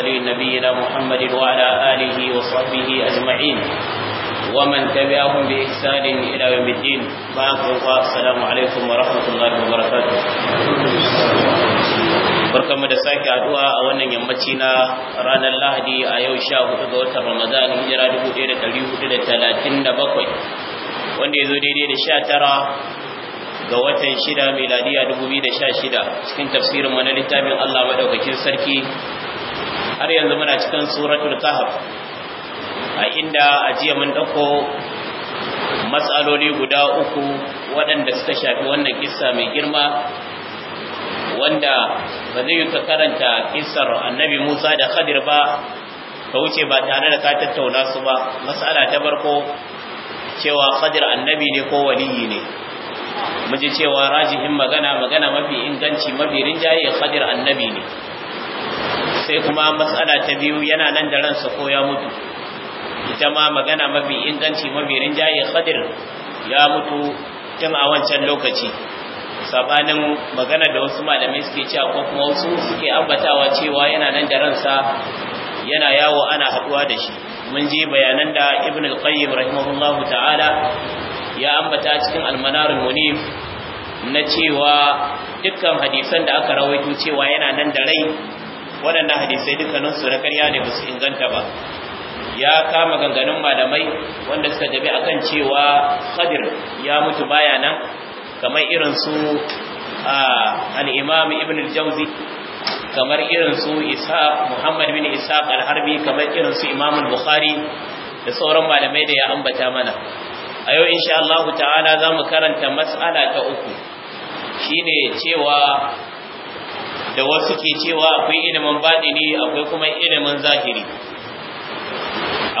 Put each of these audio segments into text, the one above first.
المرسلين نبينا محمد وعلى آله وصحبه أجمعين ومن تبعهم بإحسان إلى يوم الدين السلام عليكم ورحمة الله وبركاته mu da sake haduwa a wannan yammaci na ranar lahadi a yau sha hudu ga watan ramadan hijira dubu ɗaya da ɗari hudu da talatin da bakwai wanda ya zo daidai da sha tara ga watan shida miladiya dubu biyu da sha shida cikin tafsirin mana littafin allah maɗaukakin sarki har yanzu muna cikin suratul kahf a inda a jiya mun dauko matsaloli guda uku waɗanda suka shafi wannan kissa mai girma wanda ba zai ka karanta kissar annabi Musa da Khadir ba ka wuce ba tare da ka tattauna su ba matsala ta farko cewa Khadir annabi ne ko waliyi ne muje cewa rajihin magana magana mafi inganci mafi rinjaye Khadir annabi ne sai kuma matsala ta biyu yana nan da ransa ko ya mutu ita ma magana mafi inganci mafi rinjaye khadir ya mutu tun a wancan lokaci sabanin magana da wasu malamai suke cewa ko kuma wasu suke ambatawa cewa yana nan da ransa yana yawo ana haduwa da shi mun je bayanan da ibn al-qayyim rahimahullahu ta'ala ya ambata cikin al-manar munif na cewa dukkan hadisan da aka rawaito cewa yana nan da rai waɗannan hadisai dukkanin su na ƙarya ne musu inganta ba ya kama ganganun malamai wanda suka a kan cewa Khadir ya mutu baya nan kamar irin su al Ibn al-Jawzi kamar irin su Isa Muhammad bin Isa al-Harbi kamar irin su Imam al-Bukhari da sauran malamai da ya ambata mana a yau insha Allah ta'ala mu karanta mas'ala ta uku shine cewa da wasu ke cewa akwai ilimin baɗini akwai kuma ilimin zahiri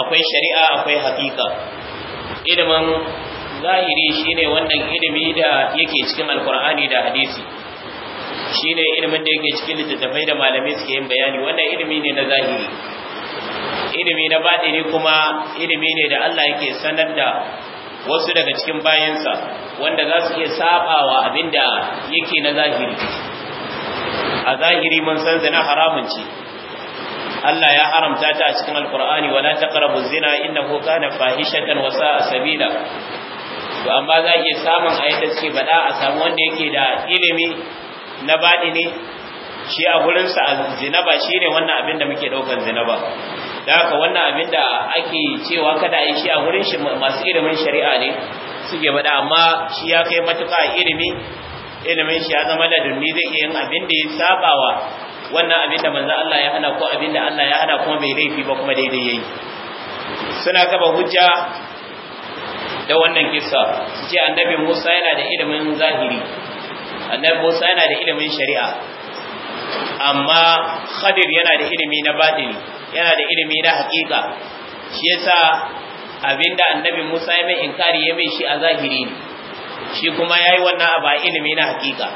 akwai shari'a akwai hakika ilimin zahiri shine wannan ilimi da yake cikin alkur'ani da hadisi shine ilimin da yake cikin littattafai da malamai suke yin bayani wannan ilimi ne na zahiri ilimi na baɗini kuma ilimi ne da Allah yake sanar da wasu daga cikin bayansa wanda za su iya sabawa abinda yake na zahiri a zahiri mun san zina haramun ce Allah ya haramta ta a cikin alkur'ani wala taqrabu zina innahu kana fahishatan wa sa'a sabila to amma za ki samun ayata ce bada a samu wanda yake da ilimi na badi ne shi a gurin a zinaba ba shine wannan abin da muke zina zinaba da haka wannan abin da ake cewa kada a yi shi a gurin shi masu ilimin shari'a ne suke bada amma shi ya kai matuƙa ilimi ilimin shi ya zama ladunni zai iya yin abin da ya sabawa wannan abin da manzo Allah ya hana ko abin da Allah ya hana kuma bai laifi ba kuma daidai yayi suna kafa hujja da wannan kissa su ce annabi Musa yana da ilimin zahiri annabi Musa yana da ilimin shari'a amma Khadir yana da ilimi na batini yana da ilimi na hakika shi yasa abinda annabi Musa ya mai inkari ya mai shi a zahiri ne shi kuma ya yi wannan abu a ilimi na hakika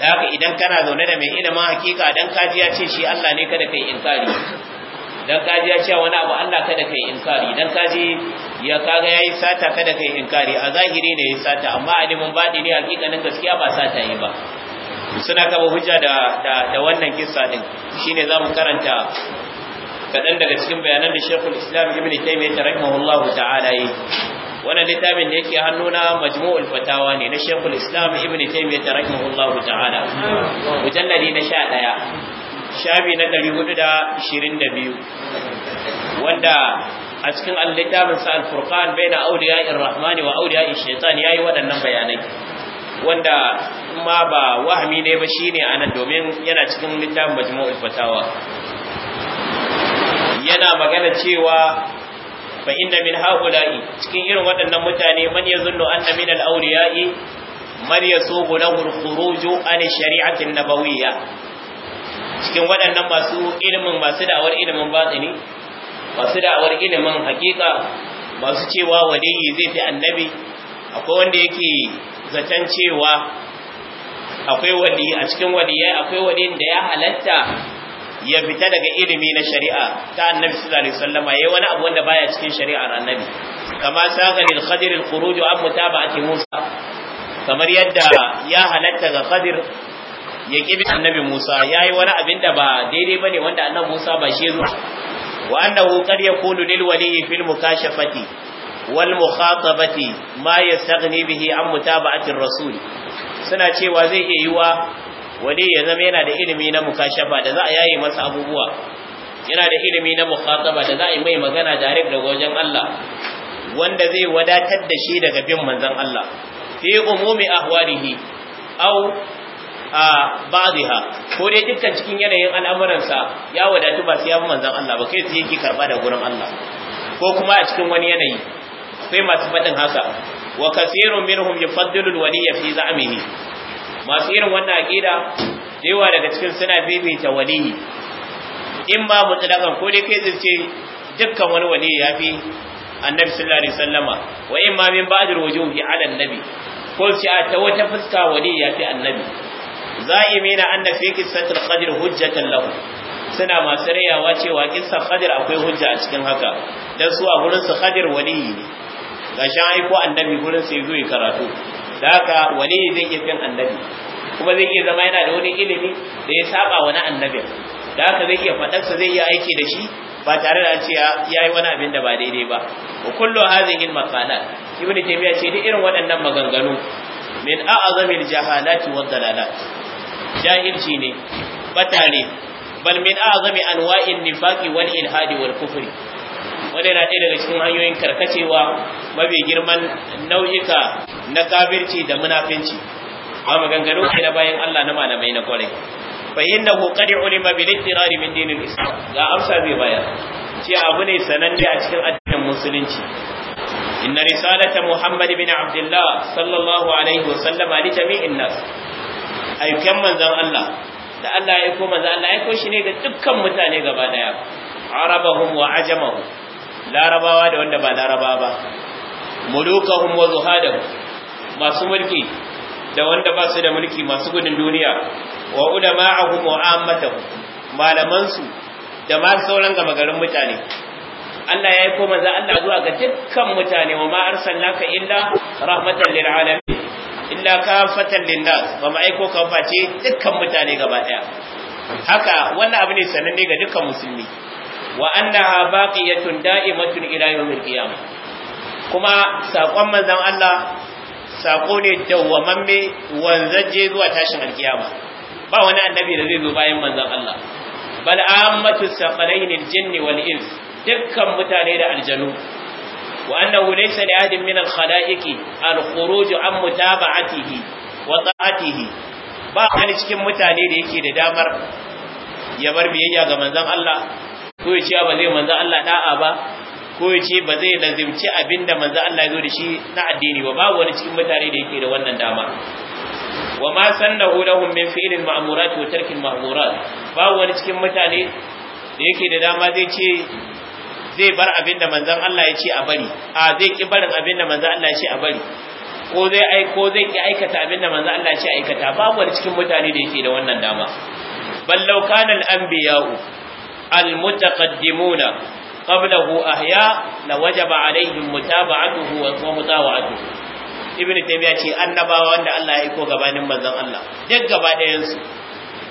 da haka idan kana zaune da mai ilimin hakika dan kaji ce shi Allah ne kada kai inkari dan kaji ce wani abu Allah kada kai inkari dan kaji ya kaga yayi sata kada kai inkari a zahiri ne yayi sata amma a ilimin ne hakikanin gaskiya ba sata yi ba suna kaba hujja da da wannan kissa din shine zamu karanta kaɗan daga cikin bayanan da shekul islam ibn Taymiyyah rahimahullahu ta'ala yi wannan littafin da yake hannuna majmu'ul fatawa ne na shekul islam ibn taymiyyah rahimahullahu ta'ala mujalladi na sha ɗaya shafi na biyu. wanda a cikin littafin sa al-furqan baina awliya'ir rahman wa awliya'ir shaytan yayi waɗannan bayanai wanda ma ba wahami ne ba shine anan domin yana cikin littafin majmu'ul fatawa yana magana cewa fa inna min haula'i cikin irin waɗannan mutane man yazunnu anna min al-awliya'i man yasubu lahu al-khuruju an shari'ati an-nabawiyya cikin waɗannan masu ilimin masu da'awar ilimin batini masu da'awar ilimin hakika masu cewa waliyi zai fi annabi akwai wanda yake zaton cewa akwai wali a cikin waliyai akwai wali da ya halatta ya fita daga ilimi na shari'a ta annabi sallallahu alaihi wasallam yayi wani abu wanda baya cikin shari'ar annabi Kamar saga lil khadir al khuruj an mutaba'ati musa kamar yadda ya halatta ga khadir ya kibi annabi musa yayi wani abin da ba daidai bane wanda annabi musa ba shi zuwa wa annahu qad yakunu lil waliyi fil mukashafati wal mukhatabati ma yastaghni bihi an mutaba'ati ar rasul suna cewa zai iya yiwa Wani ya zama yana da ilimi na mukashafa da za a yayi masa abubuwa yana da ilimi na mukhataba da za a yi mai magana direct daga wajen Allah wanda zai wadatar da shi daga bin manzon Allah fi umumi ahwalihi aw a ba'dha ko dai dukkan cikin yanayin al'amuransa ya wadatu ba sai ya manzon Allah ba kai sai yake karba da gurin Allah ko kuma a cikin wani yanayi akwai masu fadin haka wa kasirun minhum yufaddilu alwaliya fi za'mihi masu irin wannan aqida yawa daga cikin suna bibita waliyi in ba mutlaqan ko dai kai zace dukkan wani ya fi annabi sallallahu alaihi wasallama wa in ma min ba'd alwujuhi ala annabi ko ci a ta wata fuska ya fi annabi za'imina anna fi qissatil qadr hujjatan lahu suna masu rayawa cewa kissar qadir akwai hujja a cikin haka dan su a gurin su qadir waliyi ne gashin aiko annabi gurin sai zo karatu da haka wani zai iya bin annabi kuma zai iya zama yana da wani ilimi da ya saba wani annabi. da haka zai iya fadarsa zai iya aiki da shi ba tare da ce ya yi wani abin da ba daidai ba wa kullu hadhihi al maqala ibn taymiya ce duk irin waɗannan maganganu min al jahalati wa dalalat jahilci ne batare ne bal min a'zami anwa'in nifaqi wal ilhadi wal kufri wannan yana ɗaya daga cikin hanyoyin karkacewa mafi girman nau'ika na kafirci da munafinci a maganganu kai na bayan Allah na malamai na kwarai fa innahu qad ulima bil ittirari min dinil islam ga amsa zai bayar ce abu ne sananne a cikin addinin musulunci inna risalata muhammad bin abdullah sallallahu alaihi wa sallama li jami'in nas aikan manzon Allah da Allah ya aiko manzon Allah ya aiko shi ne ga dukkan mutane gaba daya arabahum wa ajamahum larabawa da wanda ba larabawa ba mulukahum wa zuhadahum masu mulki da wanda ba su da mulki masu gudun duniya wa a wa ammatahum malamansu da ma sauran gama garin mutane Allah ya yi ko manzo Allah zuwa ga dukkan mutane wa ma arsalnaka illa rahmatan lil alamin illa kafatan lin nas wa ma aiko ka face dukkan mutane gaba daya haka wannan abu ne sananne ga dukkan musulmi wa annaha baqiyatun da'imatun ila yawmil qiyamah kuma sakon manzon Allah sako ne dawwamamme wanzaje zuwa tashin alkiyama ba wani annabi da zai zo bayan manzon Allah bal ammatu saqalain aljinni wal ins dukkan mutane da aljanu wa annahu laysa li ahadin min alkhalaiqi alkhuruj an mutaba'atihi wa ta'atihi ba wani cikin mutane da yake da damar ya bar biyayya ga manzon Allah ko ya ce ba zai manzon Allah da'a ba ko ya ce ba zai lazimci abin da manzo Allah ya zo da shi na addini ba babu wani cikin mutane da yake da wannan dama wa ma sannahu lahum min fi'lil ma'murat wa tarkil ma'murat babu wani cikin mutane da yake da dama zai ce zai bar abin da manzon Allah ya ce a bari a zai ki barin abin da manzon Allah ya ce a bari ko zai ai ko zai ki aikata abin da manzon Allah ya ce aikata babu wani cikin mutane da yake da wannan dama ballau kana al-anbiya'u al-mutaqaddimuna qablahu ahya la wajaba alaihim mutaba'atuhu wa mutawa'atuhu ibn taymiya ce annabawa wanda Allah ya aiko gabanin manzon Allah duk gaba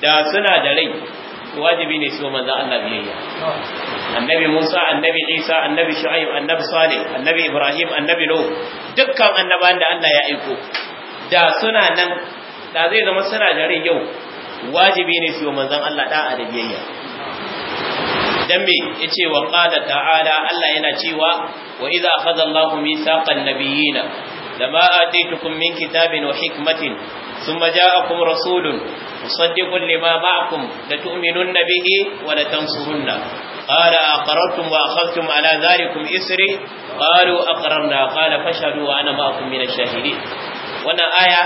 da suna da rai wajibi ne su manzon Allah biyayya annabi Musa annabi Isa annabi Shu'aib annabi Salih annabi Ibrahim annabi Nuh dukkan annabawan da Allah ya aiko da suna nan da zai zama suna da rai yau wajibi ne su manzon Allah da'a da biyayya dan me yace wa qala ta'ala Allah yana cewa wa idza akhadha Allahu mithaqan nabiyina lama atitukum min kitabin wa hikmatin thumma ja'akum rasulun musaddiqun lima ma'akum la tu'minunna bihi wa la tansurunna قال أقررتم وأخذتم على ذلكم إسري قالوا أقررنا قال فاشهدوا وأنا معكم من الشاهدين wannan aya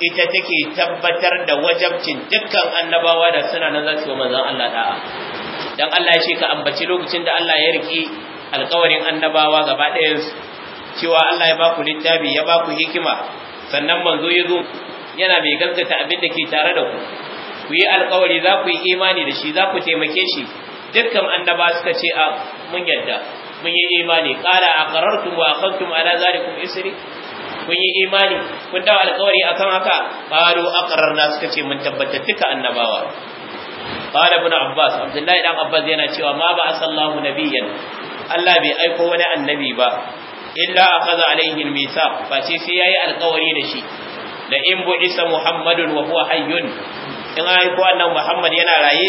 ita take tabbatar da wajabcin dukkan annabawa da suna nan za su yi Allah da'a dan Allah ya ce ka ambaci lokacin da Allah ya riki alƙawarin annabawa gaba ɗayan cewa Allah ya baku littafi ya baku hikima sannan manzo ya zo yana mai gaskata abin da ke tare da ku ku yi alƙawari za ku yi imani da shi za ku taimake shi dukkan annaba suka ce a mun yadda mun yi imani qala aqarartum wa aqamtum ala zalikum isri kun yi imani kun dawo alƙawari akan haka qalu aqararna suka ce mun tabbatar duka annabawa qala abbas abdullahi dan abbas yana cewa ma ba asallahu nabiyyan Allah bai aiko wani annabi ba illa akhadha alaihi almisaq fa ce sai yayi alƙawari da shi la in bu'isa muhammadun wa huwa hayyun in aiko annan muhammad yana raye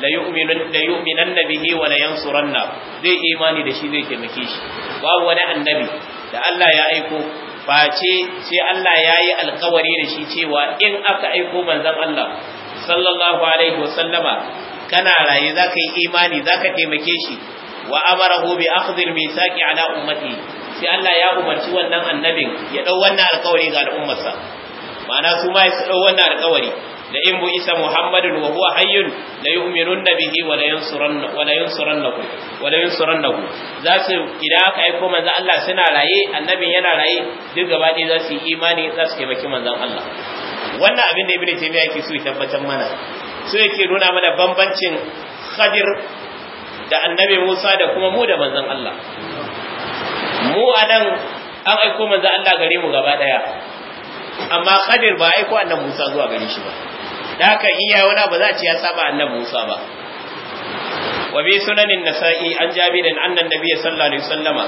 la yu'minun la yu'minanna bihi wa la yansuranna zai imani da shi zai taimake shi babu wani annabi da Allah ya aiko face sai Allah ya yi alkawari da shi cewa in aka aiko manzon Allah sallallahu alaihi wasallama kana raye za ka yi imani za ka taimake shi wa amarahu bi akhdhil misaqi ala ummati sai Allah ya umarci wannan annabin ya dau wannan alƙawari ga al'ummarsa ma'ana su ma su dau wannan alƙawari da in bu isa muhammadun wa huwa hayyun la yu'minunna bihi wa la yansuranna wa la yansurannahu wa la za su idan aka aiko manzon Allah suna raye annabin yana raye duk gaba ɗaya za su yi imani za su taimaki manzon Allah wannan abin da ibn taymiya yake so ya tabbatar mana so yake nuna mana bambancin khadir da annabi Musa da kuma mu da manzon Allah mu anan an aiko manzon Allah gare mu gaba daya amma khadir ba aiko annabi Musa zuwa gare shi ba da haka iya wani ba za ci ya saba annabi Musa ba wa bi sunanin nasa'i an jabirin annan nabiy sallallahu alaihi wasallama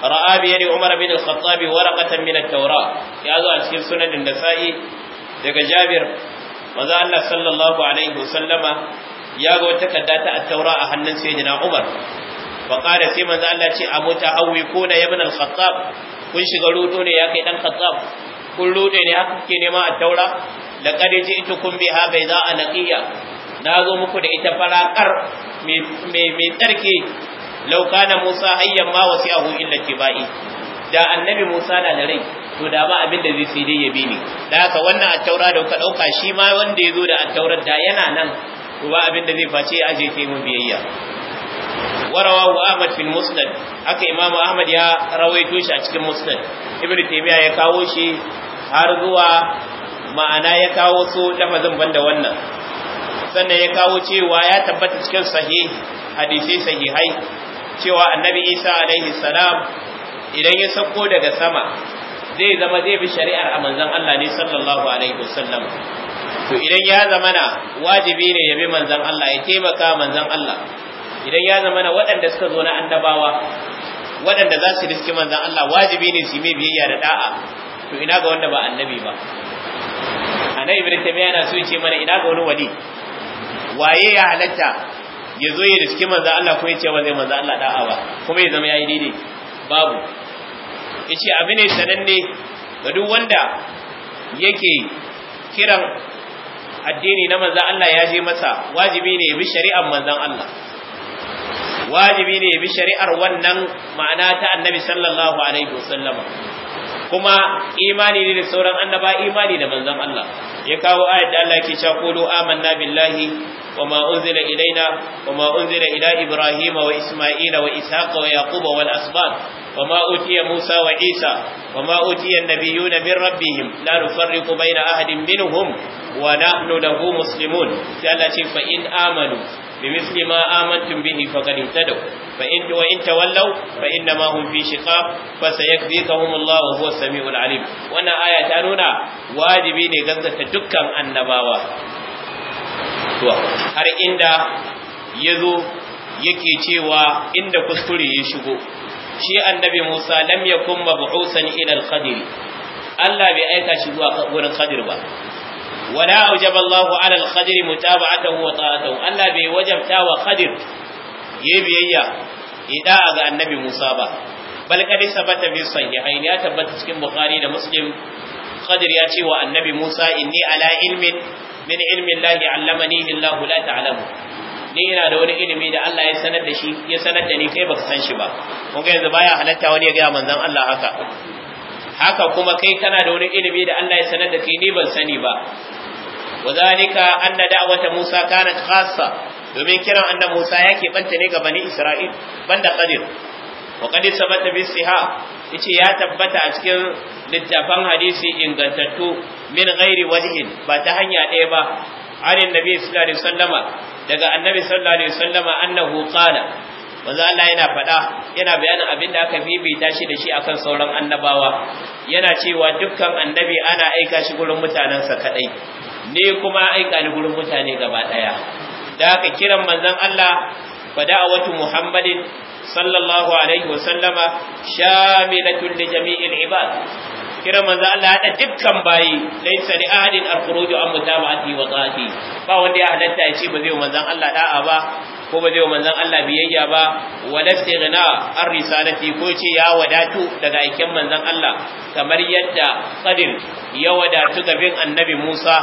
ra'a bi yadi umar bin al-khattab waraqatan min at-taura ya zo a cikin sunanin nasa'i daga Jabir manzo Allah sallallahu alaihi wasallama ya ga wata kadda ta at-taura a hannun sayyidina Umar fa sai manzo Allah ce a mota hawi ko na ibn al-Khattab kun shiga rudo ne ya kai dan Khattab kun rude ne haka kike nema a taura laqad ji'tukum biha bayda'a naqiya na zo muku da ita farakar mai mai tsarki law kana Musa hayyan ma wasi'ahu illa kibai da annabi Musa na da rai to da ba abin da zai sai dai ya bi ni da haka wannan attaura da ka dauka shi ma wanda ya zo da attaurar da yana nan to ba abin da zai face ya aje sai mun biyayya warawahu Ahmad fil Musnad haka Imam Ahmad ya rawaito shi a cikin Musnad Ibn Taymiyyah ya kawo shi har zuwa ma'ana ya kawo su lafazin banda wannan sannan ya kawo cewa ya tabbata cikin sahih hadisi sahihai cewa Annabi Isa alaihi salam idan ya sauko daga sama zai zama zai bi shari'ar a manzan Allah ne sallallahu alaihi wasallam to idan ya zama na wajibi ne ya bi manzan Allah ya taimaka manzan Allah idan ya zama na waɗanda suka zo na annabawa waɗanda za su riski manzan Allah wajibi ne su yi biyayya da da'a to ina ga wanda ba annabi ba annabi ibn taymiya yana so ya ce mana ina ga wani wali waye ya halatta ya zo ya riski manzan Allah ko ya ce ba zai manzan Allah da'a ba kuma ya zama ya yi daidai babu yace abu ne sananne ga duk wanda yake kiran addini na manzon Allah ya je masa wajibi ne bi shari'ar manzon Allah wajibi ne ya bi shari'ar wannan ma'ana ta annabi sallallahu alaihi wasallama kuma imani ne da sauran annaba imani da manzon Allah ya kawo ayat da Allah ke cewa qulu amanna billahi wama unzila ilaina wama unzila ila ibrahima wa isma'ila wa ishaqa wa yaquba wal asbab wama utiya musa wa isa wama utiya an-nabiyuna min rabbihim la nufarriqu baina ahadin minhum wa nahnu lahu muslimun sai Allah ce fa in amanu بمثل ما آمنتم به فقد اهتدوا فإن وإن تولوا فإنما هم في شقاق فسيكفيكهم الله وهو السميع العليم وأنا آية تانونا واجبين غزة دكا النباوة har inda ya zo yake cewa inda kuskure ya shigo shi annabi Musa lam yakun mab'usan ila al-Qadir Allah bai aika shi zuwa wurin Qadir ba wala aujaba Allahu ala al-khadir mutaba'atahu wa ta'atahu Allah bai wajabta wa khadir yayi biyayya ida ga annabi Musa ba bal kad sabata bi sahihain ya tabbata cikin Bukhari da Muslim khadir ya ce wa annabi Musa inni ala ilmin min ilmi Allah allamani illahu la ta'lamu ni ina da wani ilimi da Allah ya sanar da ya sanar da ni kai baka san shi ba kun ga yanzu baya halarta wani ya ga manzon Allah haka haka kuma kai kana da wani ilimi da Allah ya sanar da kai ban sani ba Wazanika anna da'wata Musa kanat khassa domin kiran annabi Musa yake banta ne ga bani Isra'il banda Qadir wa qad sabata bi siha yace ya tabbata a cikin littafan hadisi ingantattu min ghairi wajhin ba ta hanya ɗaya ba an annabi sallallahu alaihi wasallama daga annabi sallallahu alaihi wasallama annahu qala manzo Allah yana faɗa yana bayanin abin da aka bibita shi da shi akan sauran annabawa yana cewa dukkan annabi ana aika shi gurin mutanensa kadai ne kuma aika ni gurin mutane gaba daya da aka kiran manzon Allah a da'awatu Muhammadin sallallahu alaihi wa sallama shamilatun li jami'il ibad kira manzo Allah da dukkan bayi laysa li ahadin al-khuruj an mutaba'ati wa qati ba wanda ya halatta ya ce ba zai manzon Allah da'a ba ko ba zai wa manzan Allah biyayya ba walafti ghina ar risalati ko ce ya wadatu daga aikin manzon Allah kamar yadda qadir ya wadatu ga bin annabi Musa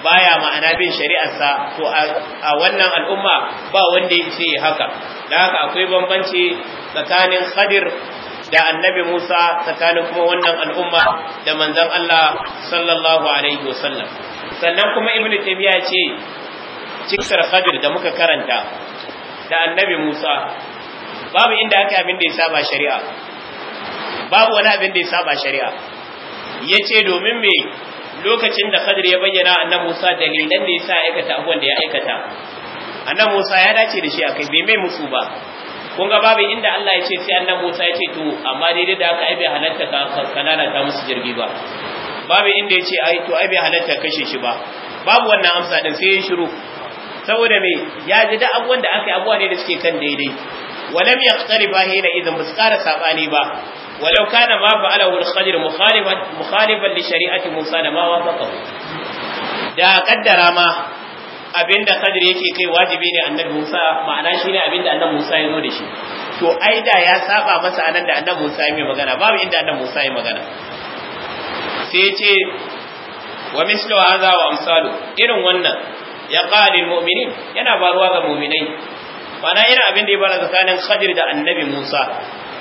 baya ma'ana bin shari'arsa to a wannan al'umma ba wanda yake haka da haka akwai bambanci tsakanin qadir da annabi Musa tsakanin kuma wannan al'umma da manzan Allah sallallahu alaihi wasallam sannan kuma ibnu tabiya ce kisar Kabir, da muka karanta da annabi Musa babu inda aka abin da ya saba shari'a babu wani abin da ya saba shari'a yace domin me lokacin da khadir ya bayyana annabi Musa dalilan da yasa aikata abubuwan da ya aikata annabi Musa ya dace da shi kai, bai mai musu ba kun ga babu inda Allah ya ce sai annabi Musa ya ce to amma daidai da aka aibi halatta ka kanana ta musu jirgi ba babu inda ya ce ai to ai halatta kashe shi ba babu wannan amsa din sai ya shiru saboda mai, ya ji da abubuwan da aka yi abuwa ne da suke kan daidai walam yaqtarifa hina idan bus kara sabani ba walau kana ma fa'alahu al-khadir mukhalifan mukhalifan li shari'ati Musa da ma wafaqahu da kaddara ma abinda kadir yake kai wajibi ne annabi Musa ma'ana shi ne abinda annabi Musa ya zo da shi to ai da ya saba masa anan da annabi Musa ya yi magana babu inda annabi Musa ya yi magana sai ce wa mislu hadha wa amsalu irin wannan ya qalil mu'minin yana faruwa ga mu'minai bana irin abin da ya fara tsakanin Khadir da Annabi Musa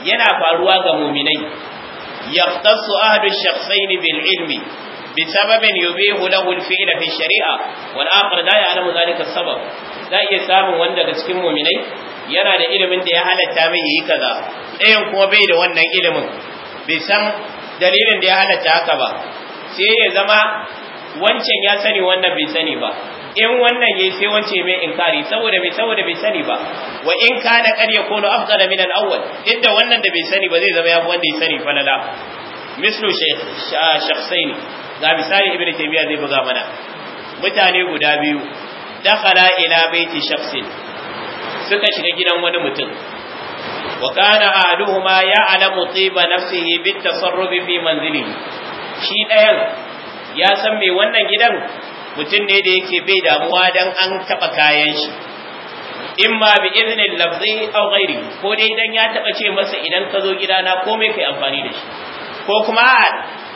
yana faruwa ga mu'minai yaqtasu ahadu shakhsayn bin ilmi بسبب يبيح له shari'a. Wani akwai والاخر لا يعلم ذلك السبب za iya samun wanda daga cikin muminai yana da ilimin da ya halatta mai yi kaza ɗayan kuma bai da wannan ilimin bai san dalilin da ya halatta haka ba sai ya zama wancan ya sani wannan bai sani ba in wannan yayi sai wance mai inkari saboda bai saboda bai sani ba wa in kana qad yakunu afdal min al-awwal inda wannan da bai sani ba zai zama yafi wanda ya sani falala mislu shakhsain ga misali ibnu taymiya zai buga mana mutane guda biyu dakhala ila baiti shakhsin suka shiga gidan wani mutum wa kana ahaduhuma ya'lamu tiba nafsihi bit tasarrufi fi manzilihi shi dayan ya san me wannan gidan mutum ne da yake bai damuwa dan an taba kayan shi In ma bi izinin lafzi aw gairi ko dai don ya taba ce masa idan ka zo gidana komai kai amfani da shi ko kuma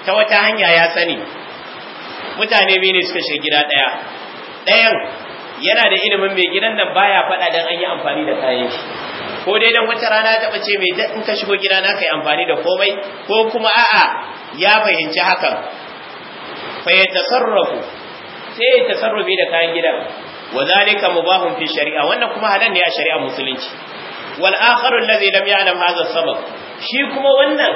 ta wata hanya ya sani mutane biyu ne suka shiga gida daya Ɗayan yana da ilimin mai gidan nan baya faɗa dan an yi amfani da kayan shi ko dai dan wata rana ta ce mai in ka shigo gida na kai amfani da komai ko kuma a'a ya fahimci hakan fa yatasarrafu sai ya tasarrufi da kayan gidan wa zalika mubahun fi shari'a wannan kuma halan ne a shari'a musulunci wal akharu allazi lam ya'lam hadha sabab shi kuma wannan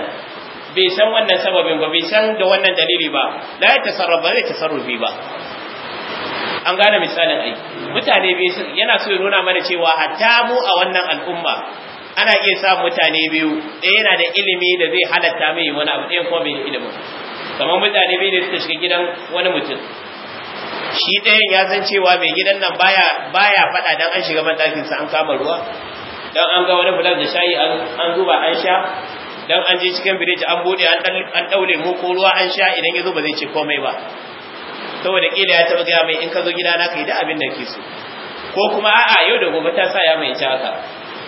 bai san wannan sababin ba bai san da wannan dalili ba la ya tasarrafa zai tasarrufi ba an gane misalin ai mutane bai yana so ya nuna mana cewa hatta mu a wannan al'umma ana iya sa mutane biyu ɗaya yana da ilimi da zai halatta mai wani abu ɗaya kuma bai da ilimin kamar mutane biyu da suka shiga gidan wani mutum shi ɗayan ya san cewa mai gidan nan baya faɗa don an shiga bandakin sa an kama ruwa Don an ga wani fulan da shayi an zuba an sha Don an je cikin biriji an bude an ɗaule mu ko ruwa an sha idan yazo ba zai ce komai ba saboda kila ya taba gaya mai in ka zo gida na ka yi da abin da ke so ko kuma a'a yau da gobe ta sa ya mai haka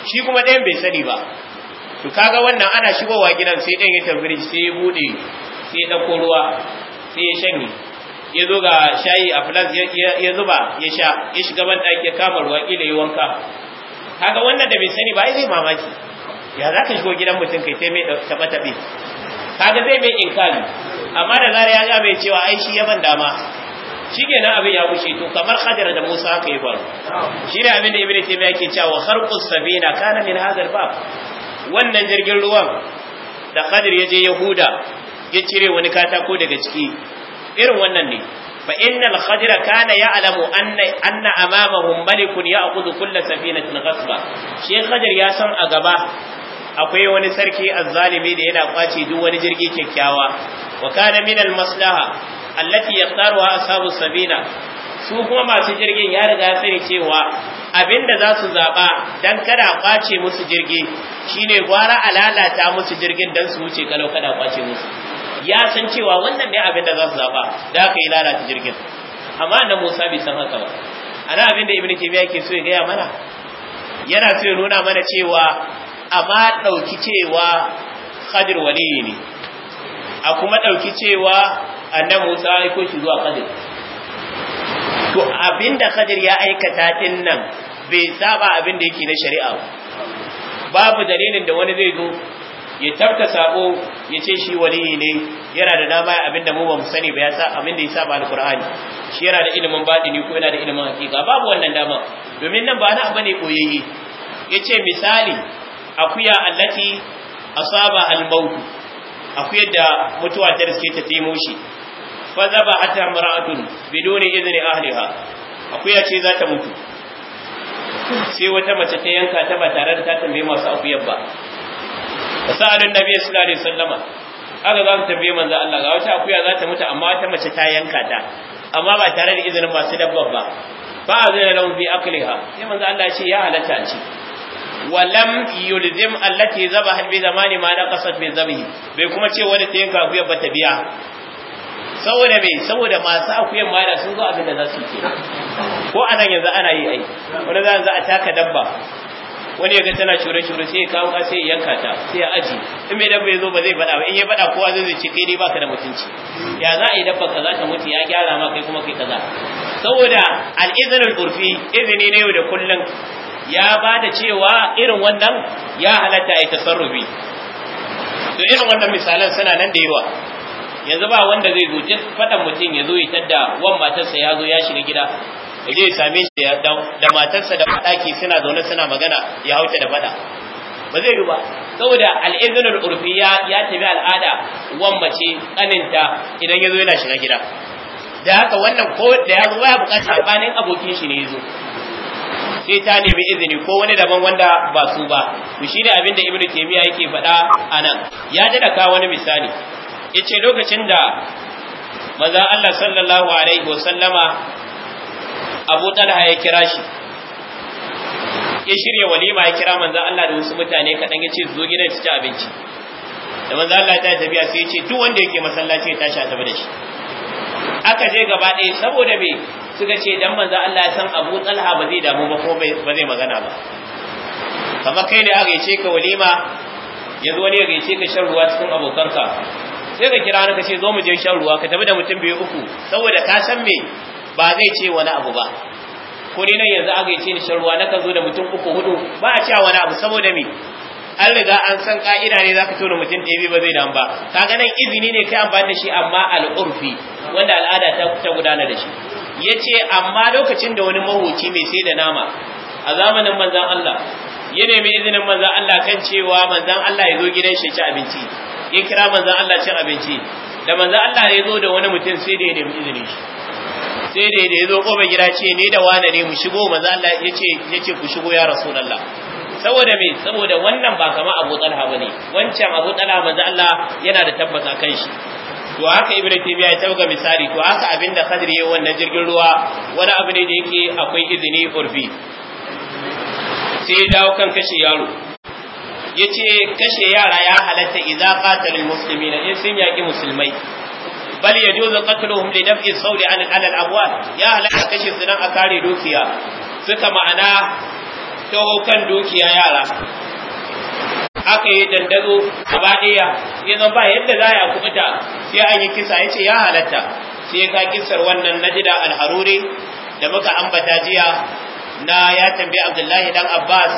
shi kuma ɗayan bai sani ba to kaga wannan ana shigowa gidan sai ɗayan ya tambiri sai ya bude sai ya ɗauko ruwa sai ya shanye ya zo ga shayi a flas ya zuba ya sha ya shiga ban ɗaki ya kama ruwa ila yi wanka kaga wannan da bai sani ba zai mamaki ya za ka shigo gidan mutum kai sai mai taɓa taɓe kaga zai mai inkali amma da zara ya ga mai cewa ai shi ya ban dama shi nan abin ya wuce to kamar hadar da musa haka yi faru shi ne abin da ibn mai ake cewa harqus na kana min hadal ba, wannan jirgin ruwan da hadar ya je yahuda ya cire wani katako daga ciki irin wannan ne fa innal khadira kana ya'lamu anna anna amamahum malikun ya'khudhu kull safinatin ghasba shi khadir ya san a gaba akwai wani sarki azzalimi da yana kwace duk wani jirgi kyakkyawa wa kana min al maslaha allati yaqtaruha ashabu sabina su kuma masu jirgin ya riga sani cewa abinda za su zaba dan kada kwace musu jirgi shine gwara a lalata musu jirgin dan su wuce kalau kada kwace musu ya san cewa wannan ne abin da za su zaba da aka yi lalata jirgin amma annabi Musa bai san haka ba ana abin da Ibn Taymiyyah yake so ya gaya mana yana so ya nuna mana cewa amma dauki cewa Khadir wani ne a kuma dauki cewa annabi Musa ya aiko shi zuwa Khadir to abinda Khadir ya aikata din nan bai saba abin da yake na shari'a babu dalilin da wani zai zo ya tafta sako, ya ce shi wani ne yana da dama abinda mu ba mu sani ba ya sa abinda ya saba alqur'ani shi yana da ilimin batini ko yana da ilimin hakika babu wannan dama domin nan ba na bane koyayye yace misali akuya allati asaba al akuya da mutuwa ta riske ta taimo shi fa zabahat maratun biduni idni ahliha akuya ce za ta mutu sai wata mace ta yanka ta ba tare da ta tambaye masu akuyar ba da sa'adun nabi sallallahu alaihi wasallama aka za ta bi manzo Allah ga wata akuya za ta mutu amma wata mace ta yanka ta amma ba tare da izinin masu dabbar ba ba a zai lahum bi akliha sai manzo Allah ya ce ya halatta ce walam yulzim allati zabaha bi zamani ma naqasat min zabihi bai kuma ce wani ta yanka akuya ba ta biya saboda me saboda masu akuyan ma da sun zo abin da za su ke. ko anan yanzu ana yi ai wani za a taka dabba wani yaga tana cure cure sai ya kawo ka sai ya yanka ta sai ya aji in mai dabba ya zo ba zai faɗa ba in ya faɗa kowa zai ce kai dai baka da mutunci ya za a yi dafa kaza ta mutu ya gyara ma kai kuma kai kaza saboda al'izinin urfi izini ne yau da kullum ya ba da cewa irin wannan ya halatta a yi tasarrufi to irin wannan misalan suna nan da yawa yanzu ba wanda zai zo faɗan mutum ya zo ya tadda wan matarsa ya zo ya shiga gida ya ya same shi da matarsa da ɗaki suna zaune suna magana ya hauta da faɗa ba zai yi ba saboda al'izinul urfi ya ya tabi al'ada wan mace kaninta idan yazo yana shiga gida da haka wannan ko da ya zo ya buƙaci sabanin abokin shi ne ya zo sai ta nemi izini ko wani daban wanda ba su ba to shine abin da ibnu taymiya yake faɗa anan ya dada ka wani misali yace lokacin da maza Allah sallallahu alaihi wasallama abu talha ya kira shi ya shirya walima ya kira manzan Allah da wasu mutane kaɗan ya ce zo gidan su ci abinci da manzan Allah ta tafiya sai ya ce duk wanda yake masallaci ya tashi a tafi da shi aka je gaba ɗaya saboda me suka ce dan manzan Allah ya san abu talha ba zai damu ba ko ba zai magana ba kamar kai ne aka yace ka walima yanzu wani ya gaishe ka shan ruwa cikin abokanka sai ka kira ka ce zo mu je shan ruwa ka tafi da mutum biyu uku saboda ka san me ba zai ce wani abu ba ko ni nan yanzu aka ce ni shan ruwa kan zo da mutum uku hudu ba a cewa wani abu saboda me an riga an san ka'ida ne zaka tura mutum da ɗaya ba zai dan ba kaga nan izini ne kai amfani da shi amma al'urfi wanda al'ada ta ta gudana da shi yace amma lokacin da wani mahuci mai sai da nama a zamanin manzon Allah ya nemi izinin manzon Allah kan cewa manzon Allah ya zo gidan shi ci abinci ya kira manzon Allah cin abinci da manzon Allah ya zo da wani mutum sai da ya nemi izinin shi sai dai da ya zo kofar gida ce ne da wane ne mu shigo manzo Allah yace yace ku shigo ya rasulullah saboda me saboda wannan ba kama Abu Talha bane wancan Abu Talha manzo Allah yana da tabbata kan shi to haka Ibrahim Taymiya ya tauga misali to haka abinda Khadir yayin wannan jirgin ruwa wani abu ne da yake akwai izini urfi sai ya dawo kan kashe yaro yace kashe yara ya halatta idza qatalul muslimina in sun yaki musulmai bal yajuzu qatluhum li naf'i sawli an al amwal ya halaka kashe su nan a kare dukiya suka ma'ana taho kan dukiya yara aka yi dandazo gaba ɗaya ya ba yadda za a kubuta sai an yi kisa ya ce ya halatta sai ka kisar wannan najida al-haruri da muka ambata jiya na ya tambayi abdullahi dan abbas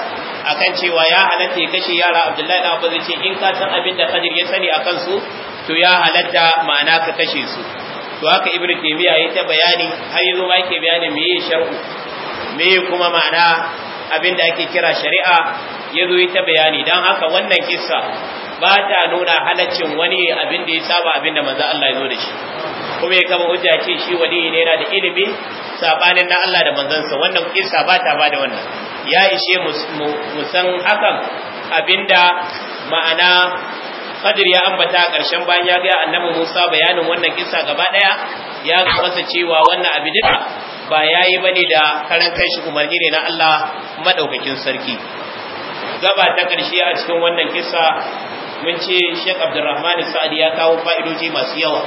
akan cewa ya halatta ya kashe yara abdullahi dan abbas ce in ka san abin da kadir ya sani akan su to ya halatta ma'ana ka kashe su to haka ibnu taymiya yayi ta bayani har yanzu ma yake bayanin yake sharhu me kuma ma'ana abinda ake kira shari'a yazo yi ta bayani dan haka wannan kissa ba ta nuna halaccin wani abin da ya saba abin da manzo Allah ya zo da shi kuma ya kama hujja ce shi wani ne yana da ilimi sabanin na Allah da manzansa wannan kissa ba ta ba da wannan ya ishe mu san hakan abinda ma'ana Khadir ya ambata a ƙarshen bayan ya ga annabi Musa bayanin wannan kisa gaba ɗaya ya ga masa cewa wannan abu duka ba yayi bane da karan kai shi umarni ne na Allah madaukakin sarki gaba ta ƙarshe a cikin wannan kisa, mun ce Sheikh Abdulrahman Sa'adi ya kawo fa'idoji masu yawa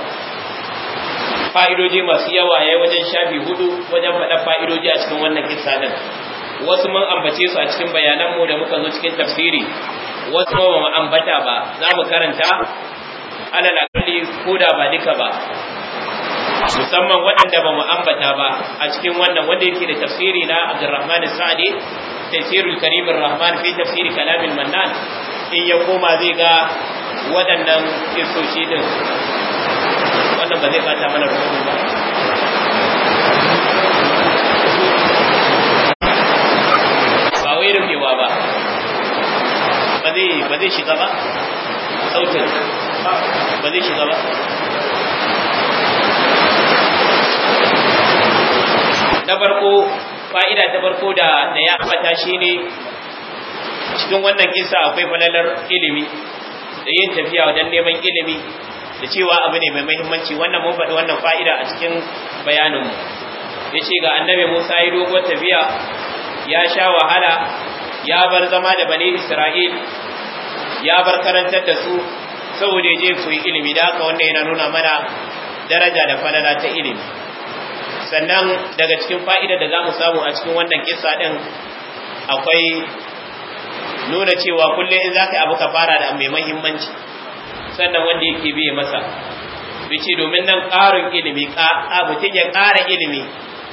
fa'idoji masu yawa yayi wajen shafi hudu wajen faɗa fa'idoji a cikin wannan kisa din wasu mun ambace su a cikin bayananmu da muka zo cikin tafsiri wasu ba mu ambata ba za mu karanta alal akalli ko da ba duka ba musamman waɗanda ba mu ambata ba a cikin wannan wanda yake da tafsiri na Abdurrahman Sa'di tafsirul Karim Rahman fi tafsir kalam al-Mannan in ya koma zai ga waɗannan kisoshi din wannan ba zai bata mana rubutu ba ba rufewa ba ba zai shiga ba sautin ba zai shiga ba fa'ida ta farko da da ya cikin wannan kisa akwai falalar ilimi da yin tafiya wajen neman ilimi da cewa abu ne mai muhimmanci wannan mun faɗi wannan fa'ida a cikin bayaninmu ya ce ga annabi musa yi doguwar tafiya ya sha wahala ya bar zama da bani Isra'il ya bar karantar da su saboda je su yi ilimi da haka wanda yana nuna mana daraja da falala ta ilimi sannan daga cikin fa'idar da za mu samu a cikin wannan kissa ɗin akwai nuna cewa kullum in za ka abu ka fara da mai mahimmanci sannan wanda yake bi masa bici domin nan ƙarin ilimi mutum ya ƙara ilimi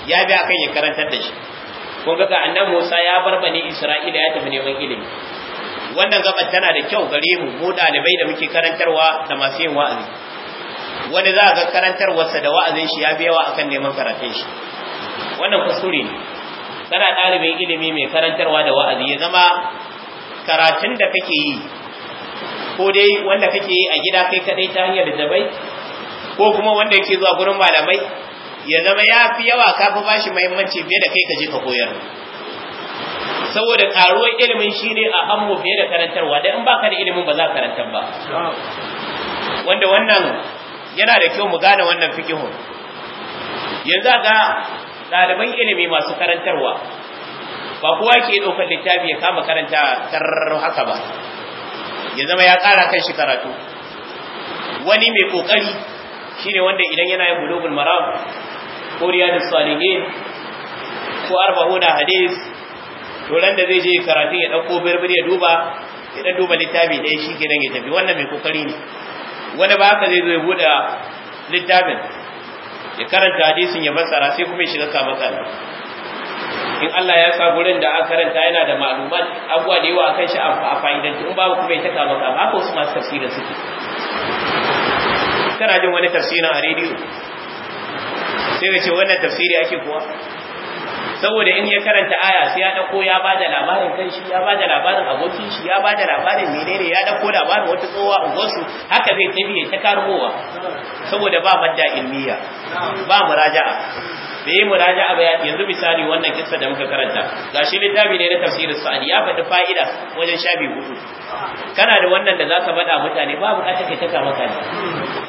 ya bi akan ya karantar da shi kun ga annabi Musa ya bar bani Isra'ila ya tafi neman ilimi wannan gabar tana da kyau gare mu mu dalibai da muke karantarwa da masu yin wa'azi wani za ga karantarwarsa da wa'azin shi ya biyawa akan neman karatun shi wannan kuskure ne kana ɗalibin ilimi mai karantarwa da wa'azi ya zama karatun da kake yi ko dai wanda kake yi a gida kai kadai ta hanyar da ko kuma wanda yake zuwa gurin malamai ya zama ya fi yawa ka fi bashi mahimmanci fiye da kai ka je ka koyar saboda karuwar ilimin shi ne a hannu fiye da karantarwa da in baka da ilimin ba za ka karantar ba wanda wannan yana da kyau mu gane wannan fikihun yanzu ga ɗaliban ilimi masu karantarwa ba kowa ke ɗaukar littafi ya kama karanta tarar haka ba ya zama ya ƙara kan shi karatu wani mai ƙoƙari shine wanda idan yana yin Global maram ko da salihin ko arba'una hadis to ran da zai je karatun ya dauko birbir ya duba ya dan duba littafi ɗaya shi kenan ya tafi wannan mai kokari ne wani ba haka zai zo ya buɗe littafin ya karanta hadisin ya fassara sai kuma ya shiga kama kana in Allah ya sa gurin da aka karanta yana da ma'lumat abuwa da yawa akan shi a fa'idanci in babu kuma ya ta kama kama haka wasu masu tafsirin suke kana jin wani tafsirin a rediyo sai ka ce wannan tafsiri ake kuwa saboda in ya karanta aya sai ya dauko ya bada labarin kanshi ya bada labarin abokin shi ya bada labarin menene ya dauko labarin wata tsowa ungosu haka zai tafi ya ta karbowa saboda ba madda ilmiya ba muraja'a bai muraja'a ba yanzu misali wannan kissa da muka karanta gashi littafi ne na tafsirin sa'adi ya faɗi fa'ida wajen sha biyu hudu kana da wannan da zaka faɗa mutane babu bukatar kai ta ne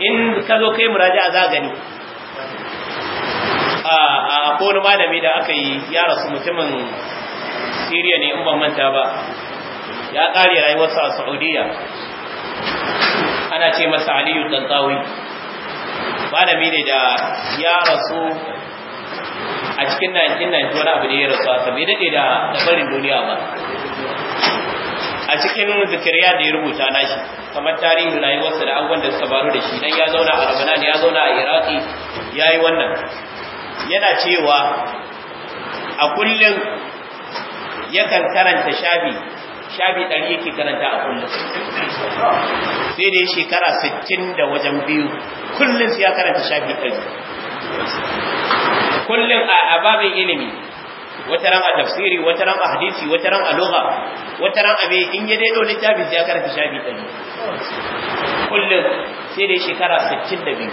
in ka zo kai muraja'a za gani a wani malami da aka yi ya rasu mutumin siriya ne in ban manta ba ya ƙari rayuwarsa a saudiya ana ce masa aliyu ɗantawi malami ne da ya rasu a cikin 1990 wani abu da ya rasu a sami daɗe da labarin duniya ba a cikin zikiriya da ya rubuta na shi kamar tarihin rayuwarsa da abubuwan da suka faru da shi dan ya zauna a rabana ya zauna a iraki ya yi wannan yana cewa a kullum yakan karanta shafi shafi ɗari yake karanta a kullum sai da shekara 60 da wajen biyu kullum sai ya karanta shafi ɗari kullum a ababin ilimi wata ran a tafsiri wata ran a hadisi wata ran a loha, wata ran abe in ya daidau littafi sai ya karanta shafi ɗari kullum sai da shekara da biyu,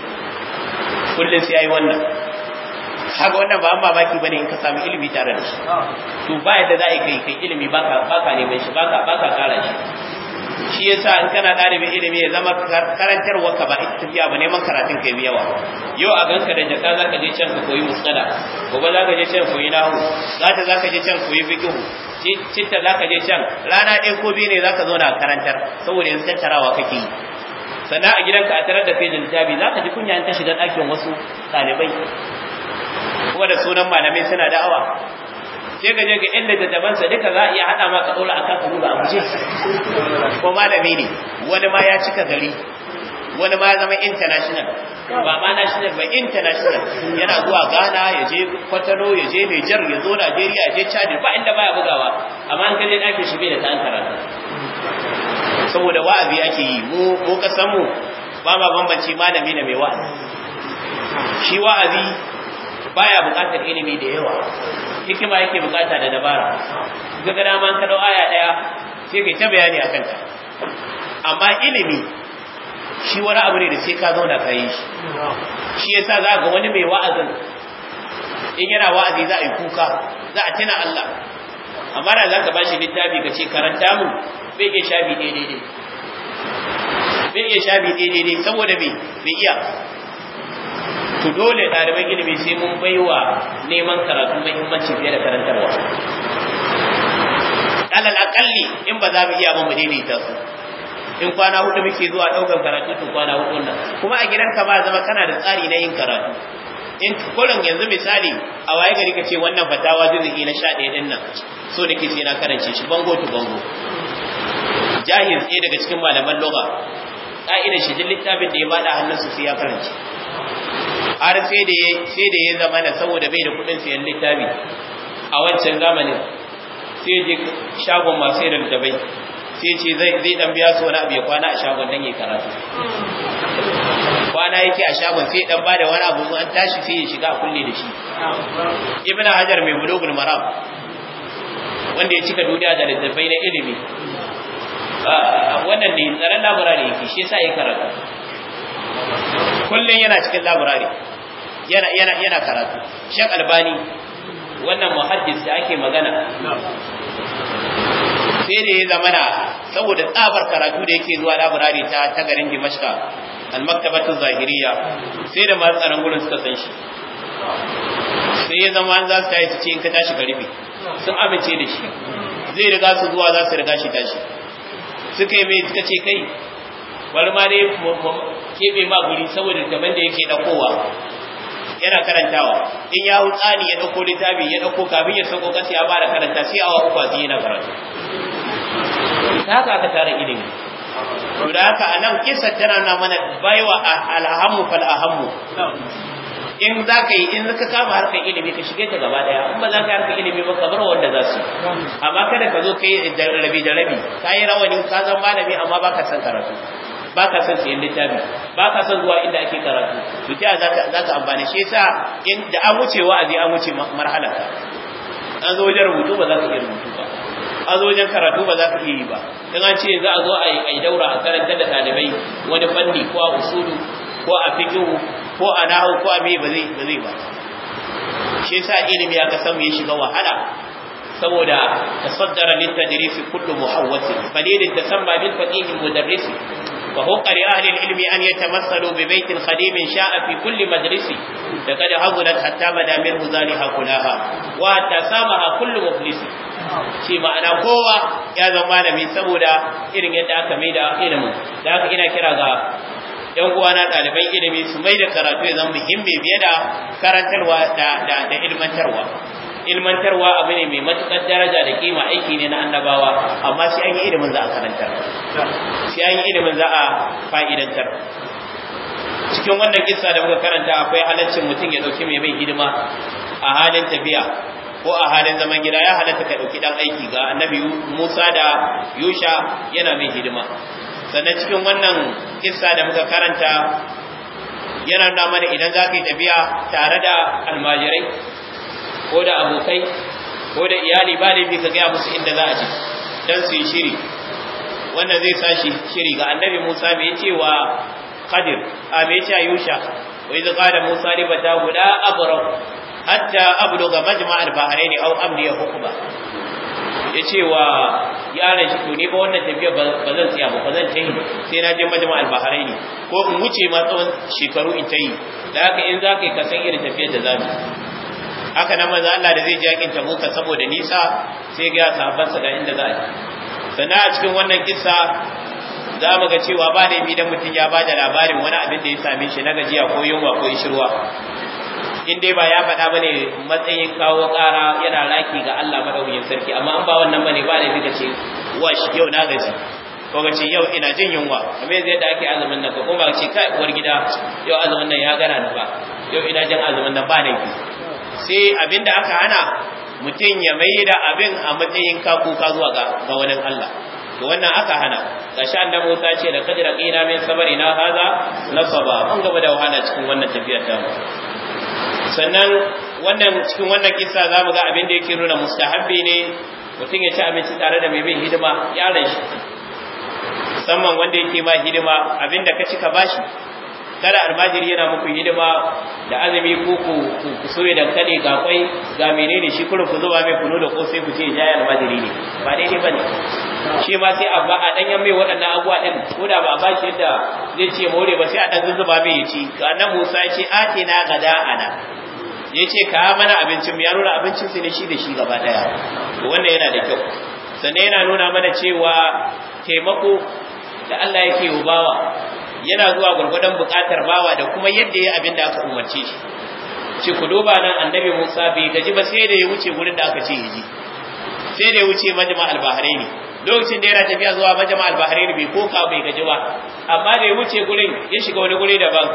kullum sai ya yi wannan kaga wannan ba an mamaki bane in ka samu ilimi tare da shi to ba yadda za a kai kai ilimi baka baka mai shi baka baka kara shi shi yasa in kana ɗalibin ilimi ya zama karantar waka ba ita tafiya ba neman karatun kai yawa yau a ganka da jaka za ka je can ka koyi musala gobe za ka je can koyi nahu zata za ka je can koyi fikihu citta za ka je can rana ɗaya ko biyu ne za ka zauna karantar saboda yanzu tattarawa kake yi sannan a gidanka a tarar da fejin da za ka ji kunya in ta shiga ɗakin wasu ɗalibai kuma da sunan malamai suna da'awa sai ga je ga da littattafansa duka za a iya haɗa maka ɗora a kan kanu ba a guje ko malami ne wani ma ya cika gari wani ma ya zama international ba ma national ba international yana zuwa ghana ya je kwatano ya je niger ya zo nigeria ya je chad ba inda baya bugawa amma an kaje ɗakin shi bai da ta'an karatu saboda wa'azi ake yi mu ko kasanmu mu ba ma bambanci malami da mai wa'azi shi wa'azi baya bukatar ilimi da yawa hikima yake bukata da dabara ga gada dama ka dau aya daya sai kai ta bayani akan ta amma ilimi shi wani abu ne da sai ka zauna ka yi shi shi yasa za ga wani mai wa'azin in yana wa'azi za a yi kuka za a tuna Allah amma da za ka ba shi littafi ka ce karanta mu bai iya shafi daidai bai iya shafi daidai saboda bai bai iya to dole ɗaliban ilimi sai mun baiwa neman karatu muhimmanci fiye da karantarwa alal akalli in ba za mu iya ba mu daidaita su in kwana hudu muke zuwa ɗaukar karatu to kwana hudu nan kuma a gidanka ba zama kana da tsari na yin karatu in kullum yanzu misali a waye gari ka ce wannan fatawa juzuki na sha ɗaya ɗin nan so da ke ce na karance shi bango to bango jahil ɗaya daga cikin malaman loga ƙa'idar shi duk littafin da ya bada hannunsa sai ya karance har sai da ya sai da zama saboda bai da kuɗin siyan littafi a wancan zamanin sai je shagon masu sayar da bai sai ce zai zai dan biya su wani abu ya kwana a shagon dan ya karatu kwana yake a shagon sai dan bada wani abu an tashi sai ya shiga a kulle da shi ibnu hajar mai bulugul maram wanda ya cika duniya da littafai na ilimi ah, wannan ne tsaron labura ne yake shi sai ya karatu kullum yana cikin laburare yana yana yana karatu shek albani wannan muhaddis da ake magana sai da ya zamana saboda tsabar karatu da yake zuwa laburare ta ta garin dimashka almaktabatu zahiriya sai da masu tsaron gurin suka san shi sai ya zama za su tashi su ce in ka tashi garibi sun amince da shi zai riga su zuwa za su riga shi tashi suka yi mai suka ce kai Wani ma ne keɓe ma guri saboda daban da yake ɗaukowa yana karantawa in ya tsani ya ɗauko littafi ya ɗauko kafin ya sauko ƙasa ya ba da karanta sai awa uku a yana karatu ta haka aka tara ilimi to da haka a nan kisa tana na mana baiwa alhamu fal ahammu in za ka yi in ka kama harkar ilimi ka shige ta gaba daya in ba za ka harkar ilimi ba ka bar wanda za su amma kada ka zo kai da rabi da rabi ka yi rawanin ka zan malami amma ba ka san karatu ba ka son sayan littafi ba ka son zuwa inda ake karatu to ta za ka amfani shi yasa in da an wuce wa'azi an wuce marhala an zo wajen rubutu ba za ka iya rubutu ba an zo wajen karatu ba za ka iya yi ba in an ce za a zo a yi daura a karantar da ɗalibai wani fanni ko a usulu ko a fikihu ko a nahu ko a me ba zai ba zai ba shi yasa ilimi aka samu ya shiga wahala saboda tasaddara lil tadrisi kullu muhawwasin falilin tasamma bil faqih mudarrisi وحق لأهل العلم أن يتمثلوا ببيت خديم شاء في كل مجلس لقد هبلت حتى بدا منه ذلها كلها وتسامها كل مفلس shi ma'ana kowa ya zama malami saboda irin yadda aka mai da ilimin da aka ina kira ga yan uwana ɗaliban ilimi su mai da karatu ya zama muhimmi fiye da karantarwa da ilmantarwa ilmantarwa abu ne mai matukar daraja da kima aiki ne na annabawa amma sai an yi ilimin za a karantar an ilimin za a fa'idantar cikin wannan kisa da muka karanta akwai halaccin mutum ya dauki mai mai hidima a halin tafiya ko a halin zaman gida ya halatta ka dauki dan aiki ga annabi Musa da Yusha yana mai hidima sannan cikin wannan kissa da muka karanta yana da mana idan za ka yi tafiya tare da almajirai ko da abokai ko da iyali ba laifi ka gaya musu inda za a je don su yi shiri wannan zai sa shiri ga annabi Musa me cewa wa Khadir a me yace Yusha Wai idza kada Musa ne bata guda abrahu hatta abluga majma' al-bahrain aw amri Ya yace wa yaran shi to ne ba wannan tafiya ba zan tsaya ba zan tayi sai na je majma'al al-bahrain ko in wuce ma tsawon shekaru in tayi da haka in za ka yi kasan irin tafiyar da zamu haka nan manzo Allah da zai je yakin Tabuka saboda nisa sai ga sahabbansa ga inda za a sannan a cikin wannan kisa, za mu ga cewa ba da idan mutum ya ba da labarin wani abin da ya same shi na gajiya ko yunwa ko ishirwa in dai ba ya faɗa ba ne matsayin kawo ƙara yana raki ga Allah madaukakin sarki amma an ba wannan ba ne ba da fika ce wash yau na gaji ko ce yau ina jin yunwa kamar zai da ake azumin nan ko ba ce kai uwar gida yau azumin nan ya gana ni ba yau ina jin azumin nan ba ne sai abinda aka hana mutum ya mai da abin a matsayin kakuka zuwa ga wani Allah to wannan aka hana gashi annabi Musa ce da mai sabari na haza na saba an gaba da wahala cikin wannan tafiyar ta sannan wannan cikin wannan kisa za mu ga abin da yake nuna mustahabbi ne mutum ya ci abinci tare da mai bin hidima yaran shi musamman wanda yake ma hidima abin da ka ci ka bashi kada almajiri yana muku hidima da azumi ko ku ku soye dankali ga kwai ga menene shi kullum ku zuba mai kuno da ko sai ku ce ya almajiri ne ba daidai bane shi ma sai a ba a danyen mai waɗannan abuwa din ko da ba a ba shi yadda zai ce more ba sai a dan zuba mai ya ci ga nan Musa ya ce atina gada ana ya ce ka mana abincin ya nuna abincin sai ne shi da shi gaba daya to wannan yana da kyau sannan yana nuna mana cewa taimako da Allah yake ubawa bawa yana zuwa gwargwadon bukatar bawa da kuma yadda ya abin da aka umarce shi ce ku duba nan annabi Musa bai gaji ba sai da ya wuce gurin da aka ce ya ji. sai da ya wuce majma al-bahraini lokacin da yana tafiya zuwa majma al-bahraini bai koka bai gaji ba amma da ya wuce gurin ya shiga wani guri daban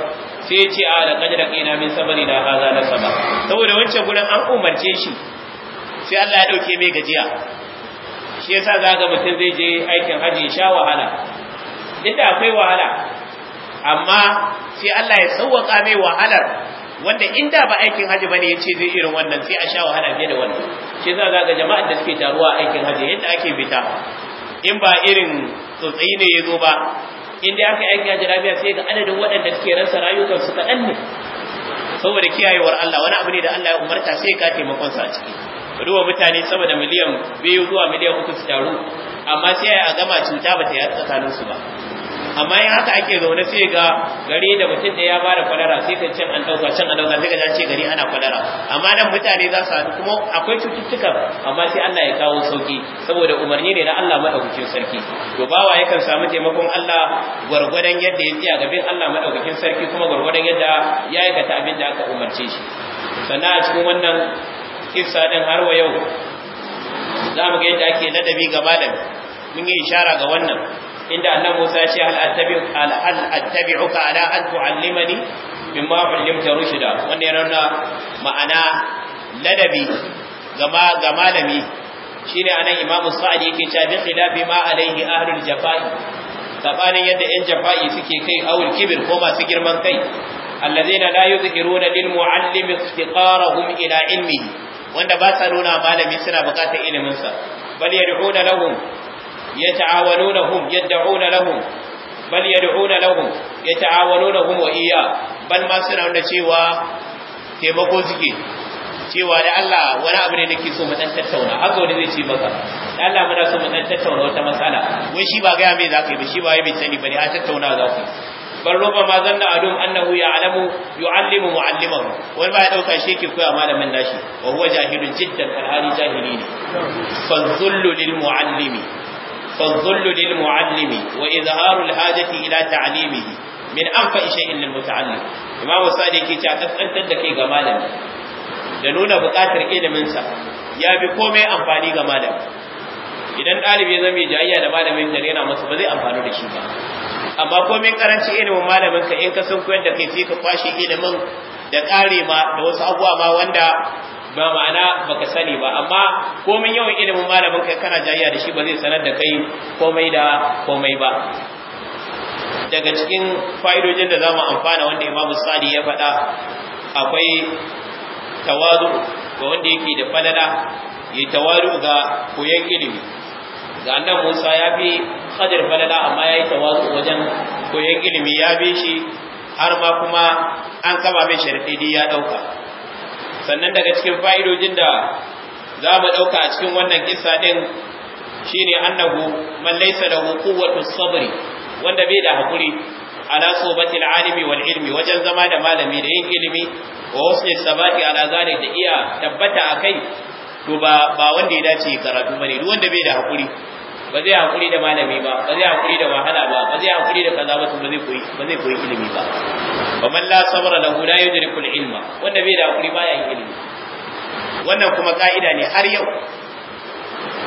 sai ya ce a da kajira kaina min sabari da haza na saba saboda wancan gurin an umarce shi sai Allah ya dauke mai gajiya shi yasa za ga mutum zai je aikin haji sha wahala inda akwai wahala amma sai Allah ya sauwaka mai wahalar wanda inda ba aikin haji bane yace zai irin wannan sai a sha wahala fiye da wannan shi za ga jama'ar da suke taruwa aikin haji yadda ake bita in ba irin tsotsayi ne zo ba in dai aka aikin haji rabiya sai ga adadin waɗanda suke rasa rayukan su kaɗan ne saboda kiyayewar Allah wani abu ne da Allah ya umarta sai ka taimakon sa a ciki Ruwa mutane sama da miliyan biyu zuwa miliyan uku su taru amma sai a gama cuta ba ta yi tsakaninsu ba amma in haka ake zaune sai ga gari da mutum da ya ba da kwalara sai ka can an dauka can an dauka sai ka ce gari ana kwalara amma nan mutane za su haɗu kuma akwai cututtuka amma sai Allah ya kawo sauki saboda umarni ne na Allah madaukakin sarki to bawa yakan samu taimakon Allah gwargwadon yadda ya tsaya gaban Allah madaukakin sarki kuma gwargwadon yadda ya aikata abin da aka umarce shi sannan a cikin wannan kissa din har wa yau za mu ga yadda ake ladabi ga malami mun yi ishara ga wannan inda Allah Musa ya ce hal attabi'u ala hal attabi'uka ala an tu'allimani mimma 'allimta rushda wannan yana nuna ma'ana ladabi gama ga malami shine anan Imam Sa'id yake cewa bi khilafi ma alaihi ahlul jafa'i tabanin yadda ƴan jafa'i suke kai awul kibir ko masu girman kai allazina la yuzhiruna lil mu'allimi iftiqarahum ila ilmihi wanda ba sa nuna malami suna bukatar ilimin sa bal yata'awanunahum yad'una lahum bal yad'una lahum yata'awanunahum wa iya bal ma suna da cewa taimako suke cewa da Allah wani abu ne nake so mu dan tattauna haka wani zai ce maka da Allah muna so mu dan tattauna wata matsala wai shi ba gaya ya me zaka yi ba shi ba ya bai sani ba ne a tattauna zaka yi bal rubbama zanna adum annahu ya'lamu yu'allimu mu'allimahu wani ba ya dauka shi yake koya malamin nashi wa huwa jahilun jiddan alhali jahili ne fa zullu lil mu'allimi فالظل للمعلم وإظهار الحاجة إلى تعليمه من أنفع شيء للمتعلم إمام الصادق كي تأكد لكي غمالا لنونا بقاتر إلى منسى يا بكومي أنفاني غمالا idan ɗalibi ya zama jayayya da malamin da rena masa ba zai amfani da shi ba amma ko mai karanci ilimin malamin ka in ka san koyar da kai sai ka kwashe ilimin da ƙare ma da wasu abubuwa ma wanda ba ma'ana baka sani ba amma komai yawan ilimin malamin kai kana jayya da shi ba zai sanar da kai komai da komai ba daga cikin fa'idojin da zamu amfana wanda Imam Sadi ya faɗa akwai tawadu ga wanda yake da falala yi tawadu ga koyon ilimi ga annan Musa ya fi hadir falala amma ya yi tawadu wajen koyon ilimi ya bi shi har ma kuma an kama mai sharadi ya ɗauka sannan daga cikin fa'idojin da za mu ɗauka a cikin wannan kisa ɗin shine ne man laysa da hukumar sabri wanda bai da hakuri ala sobati alimi wal ilmi wajen zama da malami da yin ilimi wa wasli sabati ala zalik da iya tabbata akai to ba wanda ya dace karatu ne, duk wanda bai da hakuri ba zai hakuri da malami ba ba zai hakuri da wahala ba ba zai hakuri da kaza ba to ba zai koyi ba zai koyi ilimi ba wa man la sabra lahu la yudrikul ilma wanda bai da hakuri baya yi ilimi wannan kuma ka'ida ne har yau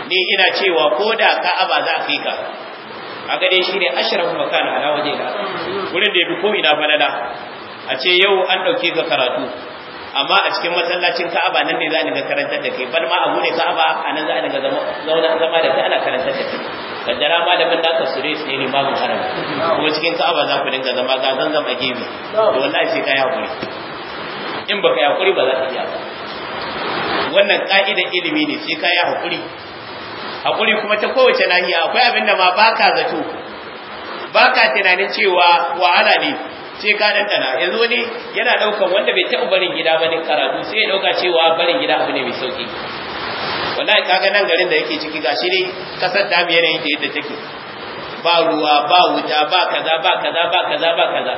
ni ina cewa ko da ka aba za ka kai ka a gade shi ne ashirin makana ala da wurin da yafi ko ina falala a ce yau an ɗauke ka karatu amma a cikin masallacin Ka'aba nan ne za a dinga karantar da kai bal ma a gune Ka'aba a nan za a dinga zauna zama da kai ana karantar da kai kaddara ma da banda ka sure shi ne babu haram kuma cikin Ka'aba za ku dinga zama ga zanzam a gefe to wallahi sai ya hakuri in baka kuri ba za ka iya ba wannan ka'idar ilimi ne sai ya hakuri hakuri kuma ta kowace nahiya akwai abin da ma baka zato baka tunanin cewa wahala ne sai ka dandana yanzu wani yana daukan wanda bai taɓa barin gida ba ne karatu sai ya dauka cewa barin gida abu ne mai sauki wallahi kaga nan garin da yake ciki gashi ne kasar da mu yanayin da yadda take ba ruwa ba wuta ba kaza ba kaza ba kaza ba kaza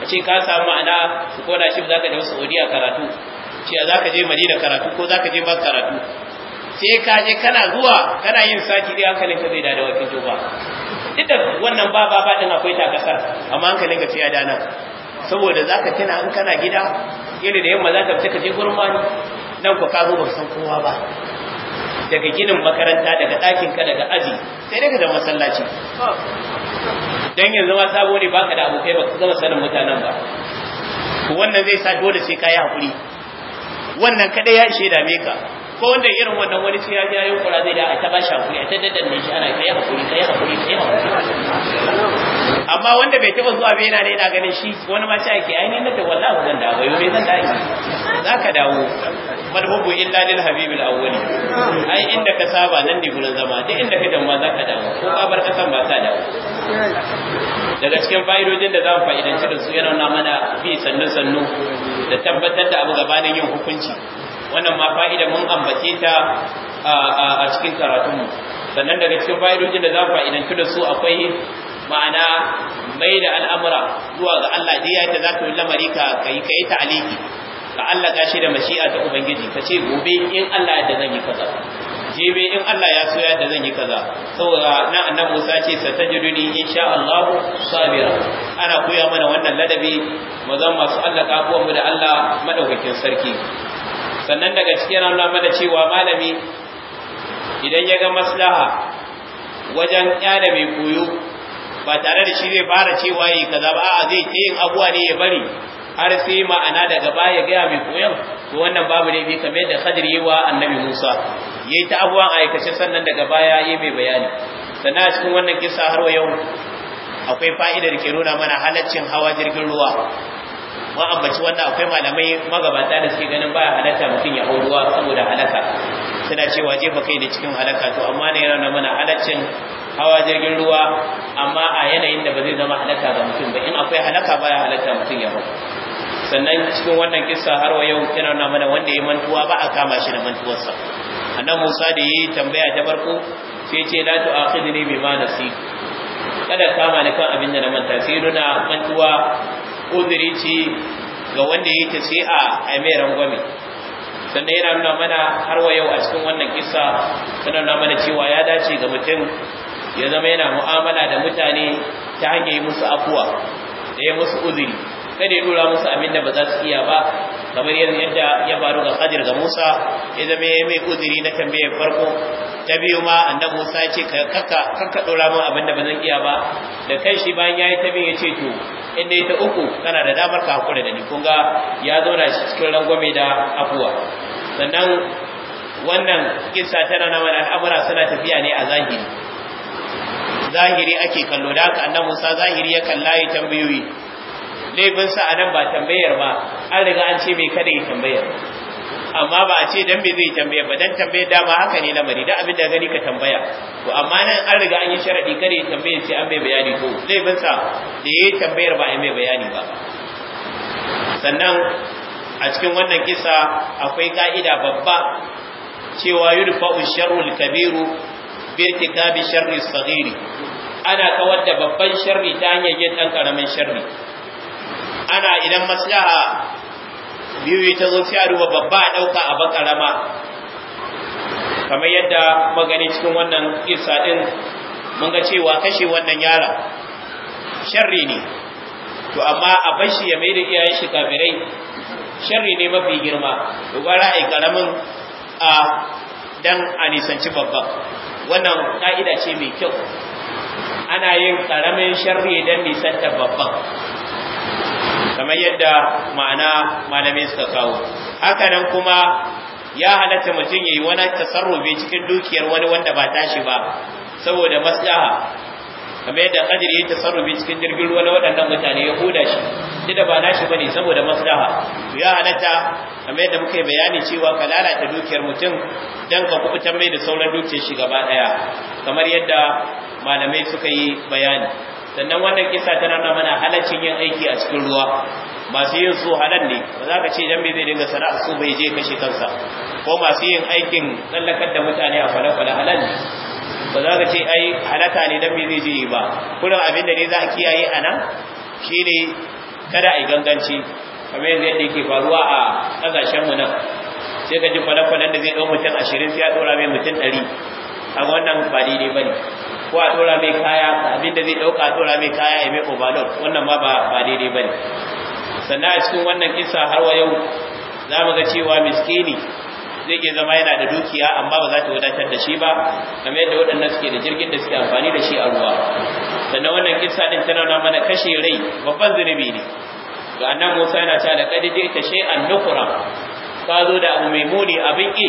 a ce ka samu ana su koda shi ba za ka je Saudiya karatu ce za ka je Madina karatu ko za ka je Makka karatu sai ka je kana zuwa kana yin sati dai hankalin ka zai da wakin ba. duk wannan ba ba din akwai ta kasar amma hankalin ka ce ya dana saboda zaka kina in kana gida irin da yamma zaka fita ka je gurin wani nan ku ka zo ba san kowa ba daga ginin makaranta daga ɗakin ka daga aji sai daga da masallaci dan yanzu ma sabo ne baka da abokai ba ka gama sanin mutanen ba wannan zai sa dole sai ka yi hakuri wannan kada ya ishe dame ka ko wanda irin wannan wani sai ya ji yayin kura zai da a ta bashi hakuri a ta ne shi ana kai hakuri kai hakuri kai hakuri amma wanda bai taba zuwa bai yana ne yana ganin shi wani ma sai ake ainihin da wallahi zan dawo yau bai zan dawo za ka dawo madhubu illa lil habibil awwali ai inda ka saba nan ne gurin zama duk inda ka damba za ka dawo ko ka bar kasan ba ta dawo daga cikin fa'idojin da za mu fa'idanci da su yana mana bi sannu sannu da tabbatar da abu gabanin yin hukunci wannan ma fa'ida mun ambace ta a cikin karatunmu sannan daga cikin fa'idojin da za mu fa'idantu da su akwai ma'ana mai da al'amura zuwa ga Allah da ya ta za yi lamari ka kai ka yi aliki ka Allah shi da mashi'a ta Ubangiji ka ce gobe in Allah da zan yi kaza jibe in Allah ya so ya da zan yi kaza saboda na annabi Musa ce satajiduni insha Allah sabira ana koya mana wannan ladabi mazan masu Allah kafuwan mu da Allah madaukakin sarki sannan daga cikin nuna mana cewa malami idan ya ga maslaha wajen yada mai koyo ba tare da shi zai fara cewa yi kaza ba a zai ta yin abuwa ne ya bari har sai ma'ana daga baya gaya mai koyon to wannan babu ne bi kamar yadda Khadir yi wa Annabi Musa yayi ta abuwan aikace sannan daga baya yi mai bayani sannan a cikin wannan kisa har wa yau akwai fa'idar ke nuna mana halaccin hawa jirgin ruwa mun ambaci wannan akwai malamai magabata da suke ganin baya halatta mutum ya hau ruwa saboda halaka suna cewa jefa kai da cikin halaka to amma ne yana mana halaccin hawa jirgin ruwa amma a yanayin da ba zai zama halaka ga mutum ba in akwai halaka baya halaka mutum ya hau sannan cikin wannan kissa har wa yau tana nuna mana wanda ya mantuwa ba a kama shi da mantuwarsa annan Musa da yi tambaya ta farko sai ce la tu'akhidni bima nasi kada kama ni kan abin da na manta sai nuna mantuwa Uziri ce ga wanda yake sai a mai rangwame sannan yana nuna mana har wa yau a cikin wannan kisa tana nuna mana cewa ya dace ga mutum ya zama yana mu'amala da mutane ta hanyar yi musu afuwa da ya musu uzuri kada ya dora musu abin da ba za su iya ba kamar yadda ya faru ga hadir ga Musa ya zama ya mai kudiri na tambayar farko ta biyu ma annabi Musa ya ce kakka kakka dora min abin da ba zan iya ba da kai shi bayan yayi ta biyu ya ce to in dai ta uku kana da damar ka hakura da ni kun ga ya zauna shi cikin rangwame da afuwa sannan wannan kisa tana na wani al'amura suna tafiya ne a zahiri zahiri ake kallo da haka annabi Musa zahiri ya kalla ya tambayoyi laifinsa a nan ba tambayar ba an riga an ce mai kada yi tambayar amma ba a ce dan me zai tambaya ba dan tambaye dama haka ne lamari da abin da gani ka tambaya to amma nan an riga an yi sharadi kada ya tambaye sai an bai bayani ko zai bin sa da yi tambayar ba ai mai bayani ba sannan a cikin wannan kisa akwai ka'ida babba cewa yudfa'u Sharul, kabiru bi irtikabi sharri saghiri ana kawar da babban sharri ta hanyar yin dan karamin sharri ana idan maslaha biyu ta zo sai a duba babba a ɗauka a bakarama kamar yadda magani cikin wannan kisa ɗin mun ga cewa kashe wannan yara sharri ne to amma a bashi ya mai da iyayen shi kafirai sharri ne mafi girma to gwara a karamin a dan a nisanci babba wannan ka'ida ce mai kyau ana yin karamin sharri dan nisantar babban kamar yadda ma'ana malamai suka kawo haka nan kuma ya halatta mutum yayi wani tasarrufi cikin dukiyar wani wanda ba tashi ba saboda maslaha kamar yadda kadiri yayi tasarrufi cikin jirgin ruwa na waɗannan mutane ya huda shi tunda ba nashi bane saboda maslaha to ya halatta kamar yadda muka yi bayani cewa ka lalata dukiyar mutum dan ka kubutar mai da sauran dukiyar shi gaba daya kamar yadda malamai suka yi bayani sannan wannan kisa tana nuna mana halaccin yin aiki a cikin ruwa masu yin su halan ne ba za ka ce dan me zai dinga sana'a su bai je kashe kansa ko masu yin aikin tsallakar da mutane a kwale-kwale, halan ne ba za ka ce ai halata ne dan me zai je ba kullum abin da ne za a kiyaye a nan shine kada a yi ganganci kamar yadda yake faruwa a kasashen mu nan sai ka ji kwalen da zai ɗau mutum ashirin sai ya ɗora mai mutum ɗari a wannan ba daidai ba ne ko a dora mai kaya abin da zai dauka a dora mai kaya ya mai overload wannan ma ba ba ne. bane sannan a cikin wannan kisa har wa yau za mu ga cewa miskini zai ke zama yana da dukiya amma ba za ta wadatar da shi ba kamar yadda waɗannan suke da jirgin da suke amfani da shi a ruwa sannan wannan kisa din tana nuna mana kashe rai babban zunubi ne ga annabi Musa yana ta da kadidi ta shay'an nukura ka zo da abu mai muni abin ki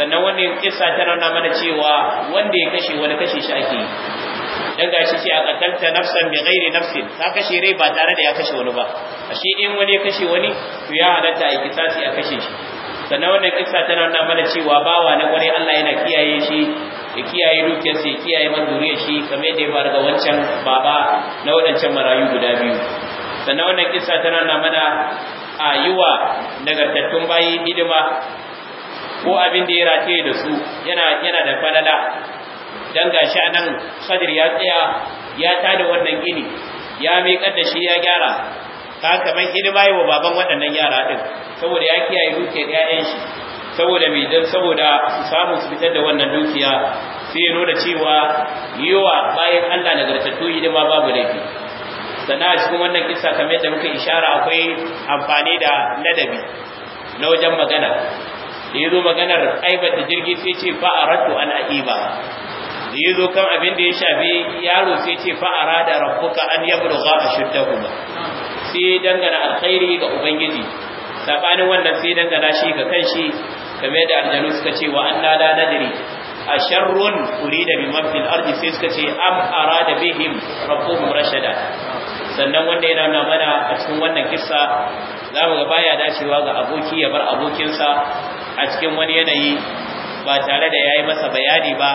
sannan wannan kissa ta nuna mana cewa wanda ya kashe wani kashe shi ake yi dan gashi ce a qatalta nafsan bi ghairi nafsin ka kashe rai ba tare da ya kashe wani ba ashe in wani ya kashe wani to ya halatta a kisasi a kashe shi sannan wannan kissa tana nuna mana cewa bawa na kware Allah yana kiyaye shi ya kiyaye dukiyarsa ya kiyaye manzuriyar shi kamar yadda ya fara ga wancan baba na waɗancan marayu guda biyu sannan wannan kissa tana nuna mana a yiwa nagartattun bayi hidima ko abin da ya rataye da su yana yana da falala dan gashi anan sadir ya tsaya ya tada wannan gini ya miƙar da shi ya gyara ta kamar hidima yi wa baban waɗannan yara din saboda ya kiyaye dukiyar 'ya'yan shi saboda mai dan saboda su samu su fitar da wannan dukiya sai ya nuna cewa yiwa bayan Allah nagartattu hidima babu laifi sana a cikin wannan kisa kamar yadda muka ishara akwai amfani da ladabi na wajen magana da ya zo maganar aibata jirgi sai ce fa a an a'iba da ya zo kan abin da ya shafi yaro sai ce fa a rada rabbuka an a kuma sai dangana alkhairi ga ubangiji sabanin wannan sai dangana shi ga kanshi game da aljanu suka ce wa anna la nadri a sharrun urida da mafil ardi sai suka ce am arada bihim rabbuhum rashada sannan wanda yana nuna mana a cikin wannan kisa za mu ga baya dacewa ga aboki ya bar abokinsa a cikin wani yanayi ba tare da yayi masa bayani ba